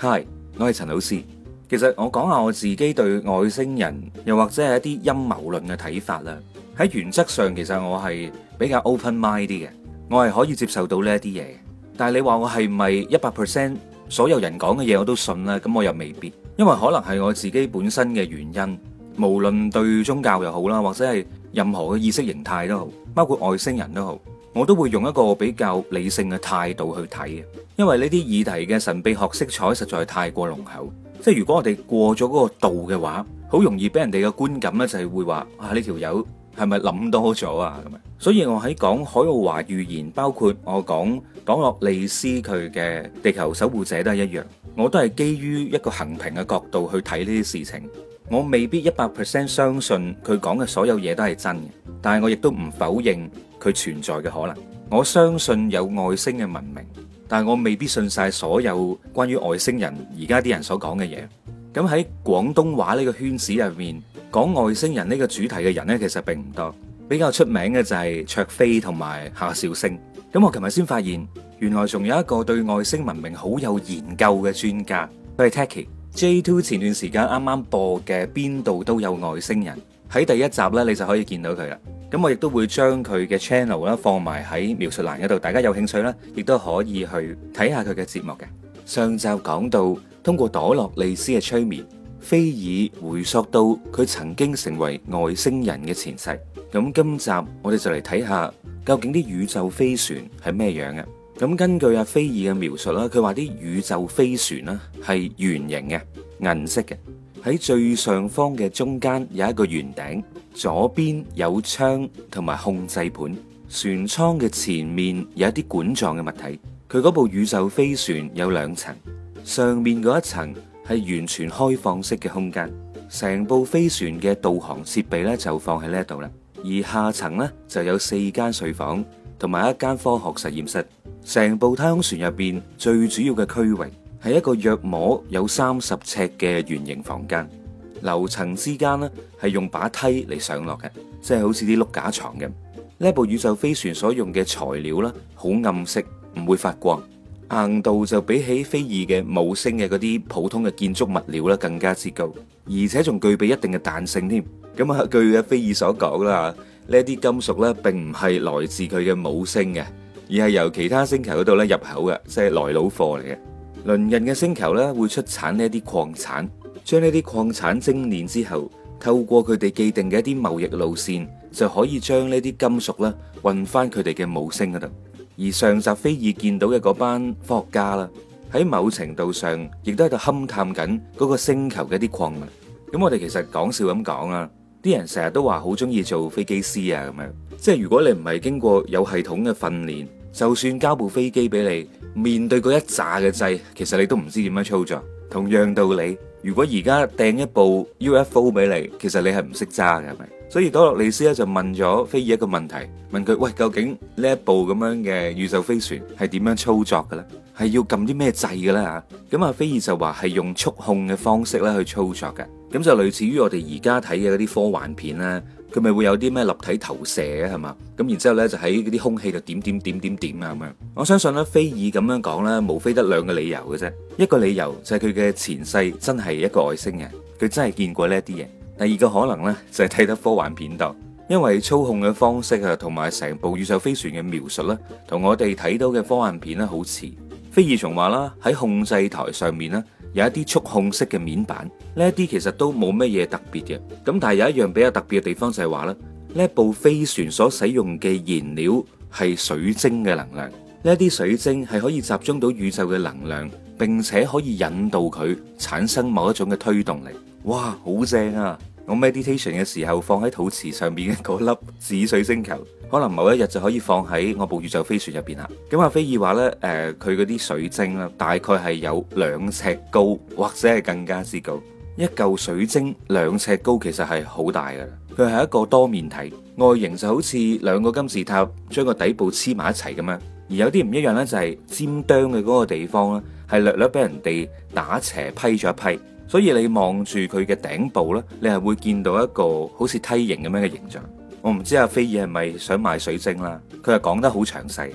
係，Hi, 我係陳老師。其實我講下我自己對外星人又或者係一啲陰謀論嘅睇法啦。喺原則上，其實我係比較 open mind 啲嘅，我係可以接受到呢一啲嘢。但係你話我係咪一百 percent 所有人講嘅嘢我都信啦？咁我又未必，因為可能係我自己本身嘅原因，無論對宗教又好啦，或者係任何嘅意識形態都好，包括外星人都好。我都會用一個比較理性嘅態度去睇，因為呢啲議題嘅神秘學色彩實在太過濃厚，即係如果我哋過咗嗰個度嘅話，好容易俾人哋嘅觀感咧就係會話啊呢條友係咪諗多咗啊咁。所以我喺講海奧華預言，包括我講邦洛利斯佢嘅地球守護者都係一樣，我都係基於一個衡平嘅角度去睇呢啲事情。我未必一百 percent 相信佢講嘅所有嘢都係真嘅，但係我亦都唔否認。佢存在嘅可能，我相信有外星嘅文明，但係我未必信晒所有關於外星人而家啲人所講嘅嘢。咁喺廣東話呢個圈子入面，講外星人呢個主題嘅人咧，其實並唔多。比較出名嘅就係卓飛同埋夏小星。咁我琴日先發現，原來仲有一個對外星文明好有研究嘅專家，佢係 Taki J Two。前段時間啱啱播嘅《邊度都有外星人》。喺第一集咧，你就可以見到佢啦。咁我亦都會將佢嘅 channel 啦放埋喺描述欄嗰度，大家有興趣咧，亦都可以去睇下佢嘅節目嘅。上集講到，通過朵洛莉絲嘅催眠，菲爾回溯到佢曾經成為外星人嘅前世。咁今集我哋就嚟睇下，究竟啲宇宙飛船係咩樣嘅？咁根據阿菲爾嘅描述啦，佢話啲宇宙飛船呢係圓形嘅，銀色嘅。喺最上方嘅中間有一個圓頂，左邊有窗同埋控制盤。船艙嘅前面有一啲管狀嘅物體。佢嗰部宇宙飛船有兩層，上面嗰一層係完全開放式嘅空間。成部飛船嘅導航設備咧就放喺呢一度啦。而下層呢就有四間睡房同埋一間科學實驗室。成部太空船入邊最主要嘅區域。係一個約摸有三十尺嘅圓形房間，樓層之間咧係用把梯嚟上落嘅，即係好似啲碌架床咁。呢一部宇宙飛船所用嘅材料啦，好暗色，唔會發光，硬度就比起飛爾嘅母星嘅嗰啲普通嘅建築物料啦更加之高，而且仲具備一定嘅彈性添。咁啊，據阿飛爾所講啦，呢一啲金屬咧並唔係來自佢嘅母星嘅，而係由其他星球嗰度咧入口嘅，即係來路貨嚟嘅。鄰人嘅星球咧會出產呢一啲礦產，將呢啲礦產精煉之後，透過佢哋既定嘅一啲貿易路線，就可以將呢啲金屬啦運翻佢哋嘅母星嗰度。而上集非爾見到嘅嗰班科學家啦，喺某程度上亦都喺度勘探緊嗰個星球嘅一啲礦物。咁、嗯、我哋其實講笑咁講啊，啲人成日都話好中意做飛機師啊，咁樣即係如果你唔係經過有系統嘅訓練。就算交部飛機俾你，面對嗰一炸嘅掣，其實你都唔知點樣操作。同樣道理，如果而家掟一部 UFO 俾你，其實你係唔識揸嘅，係咪？所以多洛里斯咧就問咗飛爾一個問題，問佢喂，究竟呢一部咁樣嘅宇宙飛船係點樣操作嘅咧？係要撳啲咩掣嘅咧嚇？咁阿飛爾就話係用觸控嘅方式咧去操作嘅。咁就類似於我哋而家睇嘅嗰啲科幻片啦。佢咪會有啲咩立體投射啊？係嘛？咁然之後呢，就喺嗰啲空氣度點點點點點啊咁樣。我相信咧，菲爾咁樣講咧，無非得兩個理由嘅啫。一個理由就係佢嘅前世真係一個外星人，佢真係見過呢啲嘢。第二個可能呢，就係、是、睇得科幻片多，因為操控嘅方式啊，同埋成部宇宙飛船嘅描述啦，同我哋睇到嘅科幻片咧好似。菲爾仲話啦，喺控制台上面呢。有一啲觸控式嘅面板，呢一啲其實都冇乜嘢特別嘅。咁但係有一樣比較特別嘅地方就係話咧，呢部飛船所使用嘅燃料係水晶嘅能量。呢一啲水晶係可以集中到宇宙嘅能量，並且可以引導佢產生某一種嘅推動力。哇，好正啊！我 meditation 嘅時候放喺肚臍上面嘅嗰粒紫水晶球。可能某一日就可以放喺我部宇宙飛船入邊啦。咁阿菲爾話呢，誒佢嗰啲水晶啦，大概係有兩尺高，或者係更加之高。一嚿水晶兩尺高其實係好大嘅啦。佢係一個多面體，外形就好似兩個金字塔將個底部黐埋一齊咁樣。而有啲唔一樣呢，就係、是、尖端嘅嗰個地方呢，係略略俾人哋打斜批咗一批。所以你望住佢嘅頂部呢，你係會見到一個好似梯形咁樣嘅形象。我唔知阿菲爾係咪想買水晶啦，佢係講得好詳細，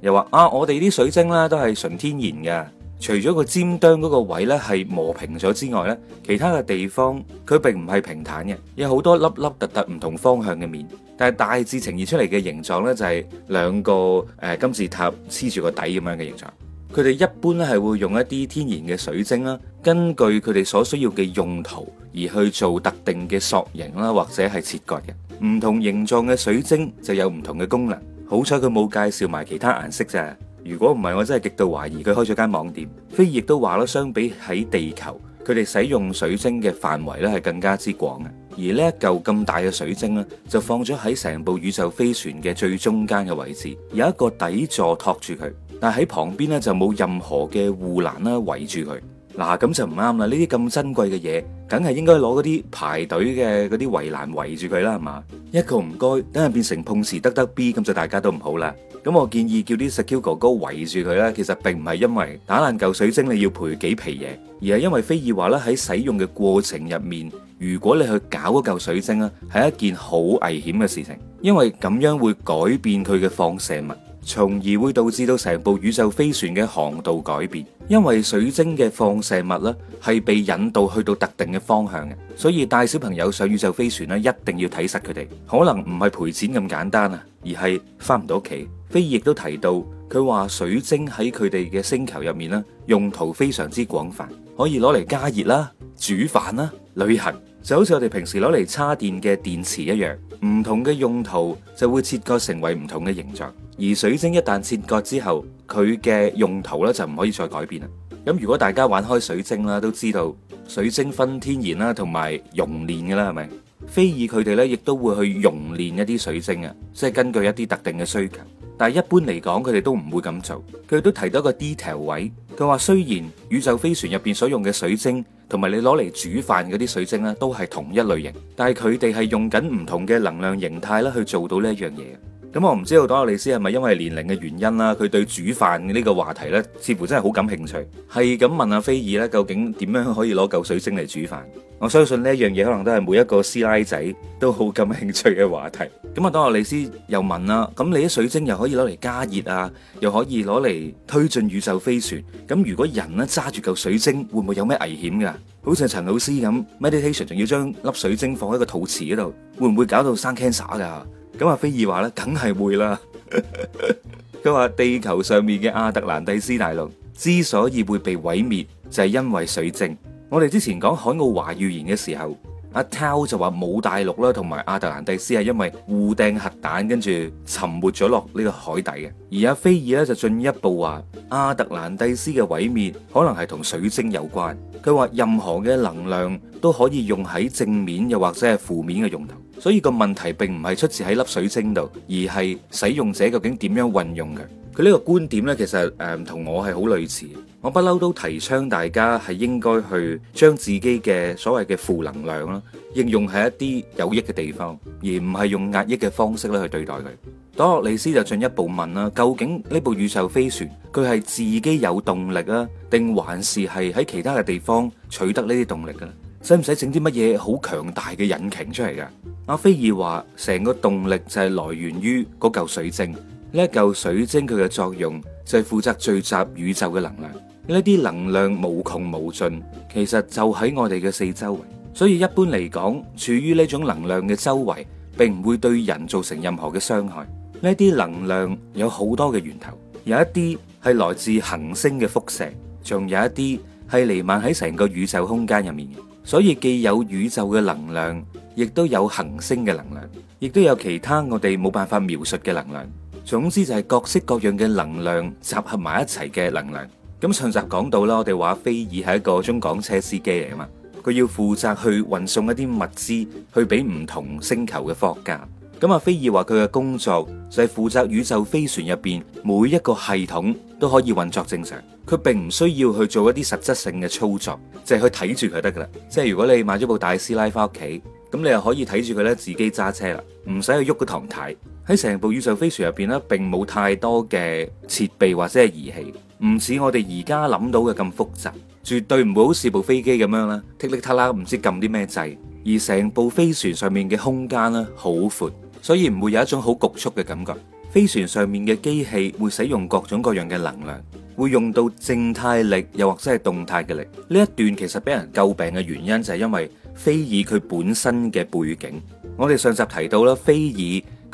又話啊，我哋啲水晶咧都係純天然嘅，除咗個尖端嗰個位咧係磨平咗之外咧，其他嘅地方佢並唔係平坦嘅，有好多粒粒突突唔同方向嘅面，但係大致呈現出嚟嘅形狀咧就係兩個誒金字塔黐住個底咁樣嘅形狀。佢哋一般咧係會用一啲天然嘅水晶啦，根據佢哋所需要嘅用途而去做特定嘅塑形啦，或者係切割嘅。唔同形狀嘅水晶就有唔同嘅功能。好彩佢冇介紹埋其他顏色啫。如果唔係，我真係極度懷疑佢開咗間網店。飛翼都話啦，相比喺地球。佢哋使用水晶嘅範圍咧係更加之廣嘅，而呢一嚿咁大嘅水晶咧就放咗喺成部宇宙飛船嘅最中間嘅位置，有一個底座托住佢，但係喺旁邊咧就冇任何嘅護欄啦圍住佢。嗱，咁就唔啱啦，呢啲咁珍貴嘅嘢，梗係應該攞嗰啲排隊嘅嗰啲圍欄圍住佢啦，係嘛？一個唔該，等下變成碰瓷得得 B，咁就大家都唔好啦。咁我建議叫啲石雕哥哥圍住佢啦。其實並唔係因為打爛嚿水晶你要賠幾皮嘢，而係因為飛爾話咧喺使用嘅過程入面，如果你去搞嗰嚿水晶啊，係一件好危險嘅事情，因為咁樣會改變佢嘅放射物，從而會導致到成部宇宙飛船嘅航道改變。因為水晶嘅放射物咧係被引導去到特定嘅方向嘅，所以帶小朋友上宇宙飛船咧一定要睇實佢哋，可能唔係賠錢咁簡單啊，而係返唔到屋企。菲爾亦都提到，佢話水晶喺佢哋嘅星球入面咧，用途非常之廣泛，可以攞嚟加熱啦、煮飯啦、旅行，就好似我哋平時攞嚟插電嘅電池一樣。唔同嘅用途就會切割成為唔同嘅形狀，而水晶一旦切割之後，佢嘅用途咧就唔可以再改變啦。咁如果大家玩開水晶啦，都知道水晶分天然啦，同埋熔煉嘅啦，係咪？菲爾佢哋咧亦都會去熔煉一啲水晶啊，即係根據一啲特定嘅需求。但係一般嚟講，佢哋都唔會咁做。佢哋都提到一個 detail 位，佢話雖然宇宙飛船入邊所用嘅水晶，同埋你攞嚟煮飯嗰啲水晶咧，都係同一類型，但係佢哋係用緊唔同嘅能量形態啦，去做到呢一樣嘢。咁我唔知道，多羅利斯係咪因為年齡嘅原因啦，佢對煮飯呢個話題呢，似乎真係好感興趣，係咁問阿菲爾呢，究竟點樣可以攞嚿水晶嚟煮飯？我相信呢一樣嘢可能都係每一個師奶仔都好感興趣嘅話題。咁啊，多羅利斯又問啦，咁你啲水晶又可以攞嚟加熱啊，又可以攞嚟推進宇宙飛船。咁如果人咧揸住嚿水晶，會唔會有咩危險噶？好似陳老師咁，meditation 仲要將粒水晶放喺個肚臍嗰度，會唔會搞到生 cancer 噶？咁阿菲爾話咧，梗係會啦。佢 話地球上面嘅亞特蘭蒂斯大陸之所以會被毀滅，就係、是、因為水晶。我哋之前講海奧華預言嘅時候，阿、啊、濤就話冇大陸啦，同埋亞特蘭蒂斯係因為互掟核彈，跟住沉沒咗落呢個海底嘅。而阿菲爾咧就進一步話，亞特蘭蒂斯嘅毀滅可能係同水晶有關。佢話任何嘅能量都可以用喺正面，又或者係負面嘅用途。所以個問題並唔係出自喺粒水晶度，而係使用者究竟點樣運用佢？佢呢個觀點咧，其實誒同我係好類似。我不嬲都提倡大家係應該去將自己嘅所謂嘅負能量啦，應用喺一啲有益嘅地方，而唔係用壓抑嘅方式咧去對待佢。多洛麗絲就進一步問啦：究竟呢部宇宙飛船佢係自己有動力啊，定還是係喺其他嘅地方取得呢啲動力嘅？使唔使整啲乜嘢好強大嘅引擎出嚟㗎？阿菲爾話，成個動力就係來源於嗰嚿水晶。呢一嚿水晶佢嘅作用就係負責聚集宇宙嘅能量。呢啲能量無窮無盡，其實就喺我哋嘅四周圍。所以一般嚟講，處於呢種能量嘅周圍，並唔會對人造成任何嘅傷害。呢啲能量有好多嘅源頭，有一啲係來自恆星嘅輻射，仲有一啲係彌漫喺成個宇宙空間入面所以既有宇宙嘅能量，亦都有恆星嘅能量，亦都有其他我哋冇辦法描述嘅能量。總之就係各式各樣嘅能量集合埋一齊嘅能量。咁上集講到啦，我哋話菲爾係一個中港車司機嚟嘛，佢要負責去運送一啲物資去俾唔同星球嘅科學家。咁阿菲爾話佢嘅工作就係負責宇宙飛船入邊每一個系統都可以運作正常，佢並唔需要去做一啲實質性嘅操作，就係去睇住佢得噶啦。即係如果你買咗部大師奶翻屋企，咁你又可以睇住佢咧，自己揸車啦，唔使去喐個堂太。喺成部宇宙飛船入邊咧，並冇太多嘅設備或者係儀器，唔似我哋而家諗到嘅咁複雜，絕對唔會好似部飛機咁樣啦，踢力塔啦，唔知撳啲咩掣。而成部飛船上面嘅空間咧，好闊。所以唔會有一種好局促嘅感覺。飛船上面嘅機器會使用各種各樣嘅能量，會用到靜態力又或者係動態嘅力。呢一段其實俾人詬病嘅原因就係因為菲爾佢本身嘅背景。我哋上集提到啦，菲爾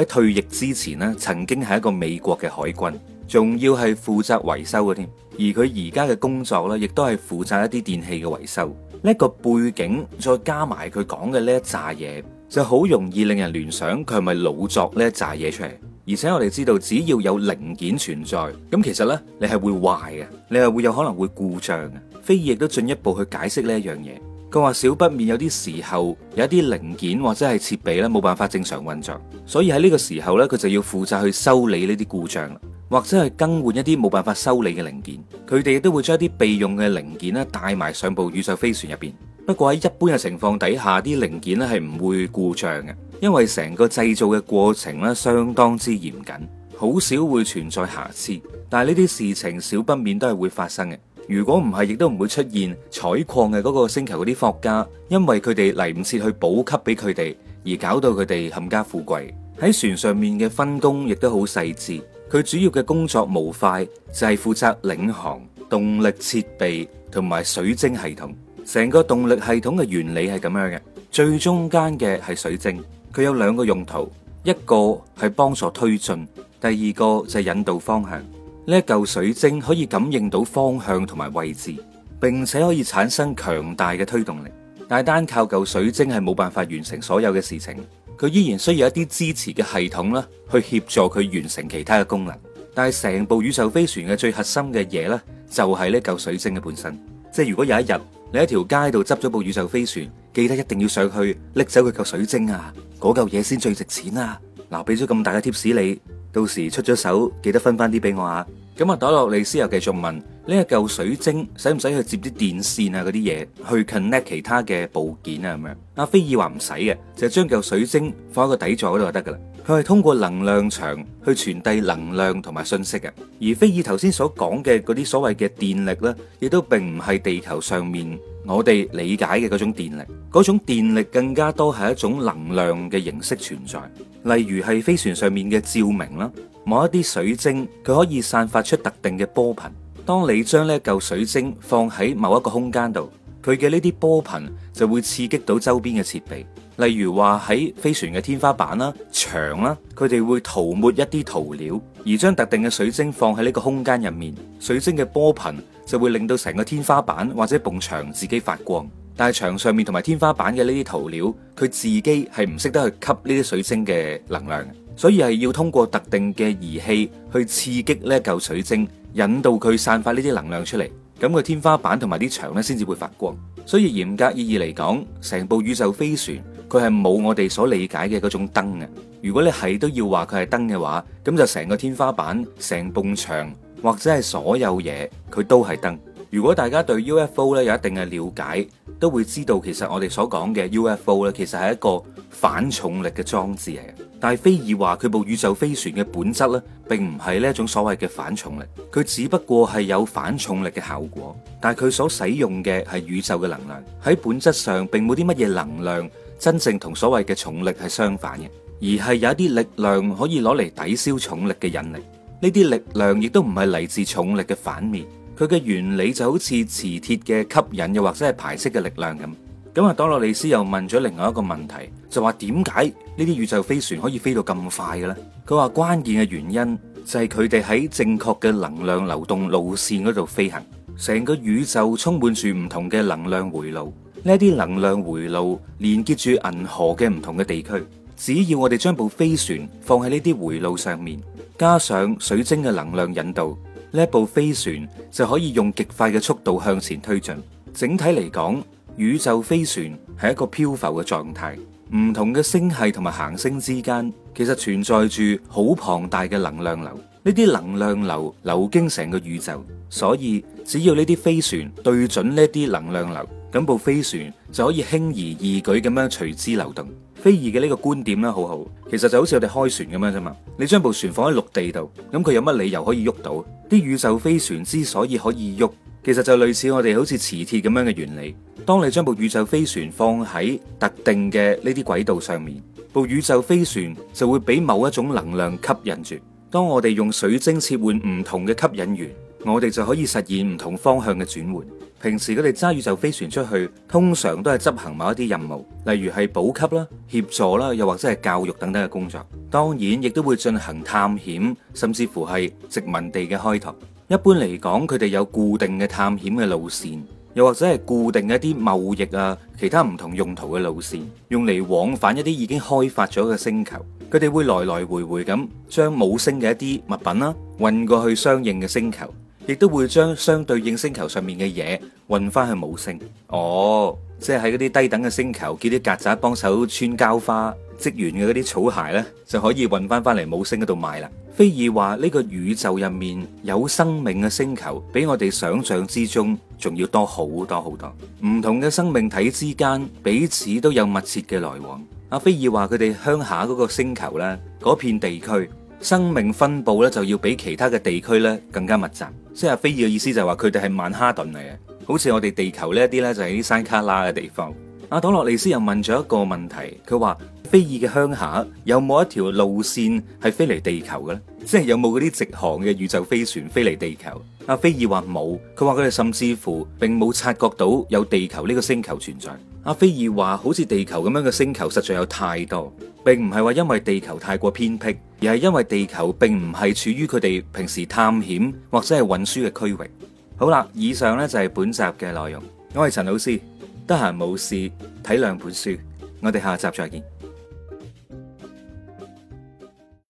佢喺退役之前咧，曾經係一個美國嘅海軍，仲要係負責維修嘅添。而佢而家嘅工作呢，亦都係負責一啲電器嘅維修。呢一個背景再加埋佢講嘅呢一紮嘢。就好容易令人聯想佢係咪老作呢一紮嘢出嚟？而且我哋知道，只要有零件存在，咁其實呢，你係會壞嘅，你係會有可能會故障嘅。飛爾亦都進一步去解釋呢一樣嘢，佢話少不免有啲時候有一啲零件或者係設備呢冇辦法正常運作，所以喺呢個時候呢，佢就要負責去修理呢啲故障或者係更換一啲冇辦法修理嘅零件。佢哋都會將一啲備用嘅零件咧帶埋上，上部宇宙飛船入邊。不過喺一般嘅情況底下，啲零件咧係唔會故障嘅，因為成個製造嘅過程咧相當之嚴謹，好少會存在瑕疵。但係呢啲事情少不免都係會發生嘅。如果唔係，亦都唔會出現採礦嘅嗰個星球嗰啲霍家，因為佢哋嚟唔切去補給俾佢哋，而搞到佢哋冚家富貴。喺船上面嘅分工亦都好細致，佢主要嘅工作模塊就係、是、負責領航、動力設備同埋水晶系統。成個動力系統嘅原理係咁樣嘅，最中間嘅係水晶，佢有兩個用途，一個係幫助推進，第二個就係引導方向。呢嚿水晶可以感應到方向同埋位置，並且可以產生強大嘅推動力。但係單靠嚿水晶係冇辦法完成所有嘅事情，佢依然需要一啲支持嘅系統啦，去協助佢完成其他嘅功能。但係成部宇宙飛船嘅最核心嘅嘢呢，就係呢嚿水晶嘅本身。即係如果有一日，你喺條街度執咗部宇宙飛船，記得一定要上去拎走佢嚿水晶啊！嗰嚿嘢先最值錢啊！嗱、啊，俾咗咁大嘅貼士你，到時出咗手，記得分翻啲俾我啊！咁啊，朵落利斯又繼續問。呢一嚿水晶使唔使去接啲電線啊？嗰啲嘢去 connect 其他嘅部件啊？咁樣，阿菲爾話唔使嘅，就係將嚿水晶放喺個底座嗰度就得噶啦。佢係通過能量場去傳遞能量同埋信息嘅，而菲爾頭先所講嘅嗰啲所謂嘅電力呢，亦都並唔係地球上面我哋理解嘅嗰種電力，嗰種電力更加多係一種能量嘅形式存在，例如係飛船上面嘅照明啦，某一啲水晶佢可以散發出特定嘅波頻。當你將呢一嚿水晶放喺某一個空間度，佢嘅呢啲波頻就會刺激到周邊嘅設備，例如話喺飛船嘅天花板啦、牆啦，佢哋會塗抹一啲塗料，而將特定嘅水晶放喺呢個空間入面，水晶嘅波頻就會令到成個天花板或者埲牆自己發光。但係牆上面同埋天花板嘅呢啲塗料，佢自己係唔識得去吸呢啲水晶嘅能量，所以係要通過特定嘅儀器去刺激呢一嚿水晶。引導佢散發呢啲能量出嚟，咁個天花板同埋啲牆咧先至會發光。所以嚴格意義嚟講，成部宇宙飛船佢係冇我哋所理解嘅嗰種燈嘅。如果你係都要話佢係燈嘅話，咁就成個天花板、成埲牆或者係所有嘢，佢都係燈。如果大家對 UFO 咧有一定嘅了解，都會知道其實我哋所講嘅 UFO 咧，其實係一個反重力嘅裝置嚟。但係菲爾話佢部宇宙飛船嘅本質咧，並唔係呢一種所謂嘅反重力，佢只不過係有反重力嘅效果，但係佢所使用嘅係宇宙嘅能量。喺本質上，並冇啲乜嘢能量真正同所謂嘅重力係相反嘅，而係有一啲力量可以攞嚟抵消重力嘅引力。呢啲力量亦都唔係嚟自重力嘅反面，佢嘅原理就好似磁鐵嘅吸引，又或者係排斥嘅力量咁。咁啊，朵洛莉絲又問咗另外一個問題，就話點解呢啲宇宙飛船可以飛到咁快嘅咧？佢話關鍵嘅原因就係佢哋喺正確嘅能量流動路線嗰度飛行。成個宇宙充滿住唔同嘅能量迴路，呢一啲能量迴路連接住銀河嘅唔同嘅地區。只要我哋將部飛船放喺呢啲迴路上面，加上水晶嘅能量引導，呢一部飛船就可以用極快嘅速度向前推進。整體嚟講，宇宙飛船係一個漂浮嘅狀態，唔同嘅星系同埋行星之間，其實存在住好龐大嘅能量流。呢啲能量流流經成個宇宙，所以只要呢啲飛船對準呢啲能量流，咁部飛船就可以輕而易舉咁樣隨之流動。飛兒嘅呢個觀點咧，好好，其實就好似我哋開船咁樣啫嘛。你將部船放喺陸地度，咁佢有乜理由可以喐到？啲宇宙飛船之所以可以喐。其實就類似我哋好似磁鐵咁樣嘅原理。當你將部宇宙飛船放喺特定嘅呢啲軌道上面，部宇宙飛船就會俾某一種能量吸引住。當我哋用水晶切換唔同嘅吸引源，我哋就可以實現唔同方向嘅轉換。平時佢哋揸宇宙飛船出去，通常都係執行某一啲任務，例如係補給啦、協助啦，又或者係教育等等嘅工作。當然，亦都會進行探險，甚至乎係殖民地嘅開拓。一般嚟講，佢哋有固定嘅探險嘅路線，又或者係固定一啲貿易啊，其他唔同用途嘅路線，用嚟往返一啲已經開發咗嘅星球。佢哋會來來回回咁將母星嘅一啲物品啦、啊、運過去相應嘅星球，亦都會將相對應星球上面嘅嘢運返去母星。哦，即係喺嗰啲低等嘅星球，叫啲曱甴幫手穿膠花。職員嘅嗰啲草鞋呢，就可以運翻翻嚟，母星嗰度賣啦。菲爾話呢個宇宙入面有生命嘅星球，比我哋想象之中仲要多好多好多。唔同嘅生命體之間彼此都有密切嘅來往。阿菲爾話佢哋鄉下嗰個星球咧，嗰片地區生命分布呢就要比其他嘅地區呢更加密集。即係阿菲爾嘅意思就係話佢哋係曼哈頓嚟嘅，好似我哋地球呢啲呢，就係啲山卡拉嘅地方。阿朵洛里斯又問咗一個問題，佢話：飛爾嘅鄉下有冇一條路綫係飛嚟地球嘅咧？即係有冇嗰啲直航嘅宇宙飛船飛嚟地球？阿飛爾話冇，佢話佢哋甚至乎並冇察覺到有地球呢個星球存在。阿飛爾話：好似地球咁樣嘅星球實在有太多，並唔係話因為地球太過偏僻，而係因為地球並唔係處於佢哋平時探險或者係運輸嘅區域。好啦，以上呢就係本集嘅內容。我係陳老師。得閒冇事睇兩本書，我哋下集再見。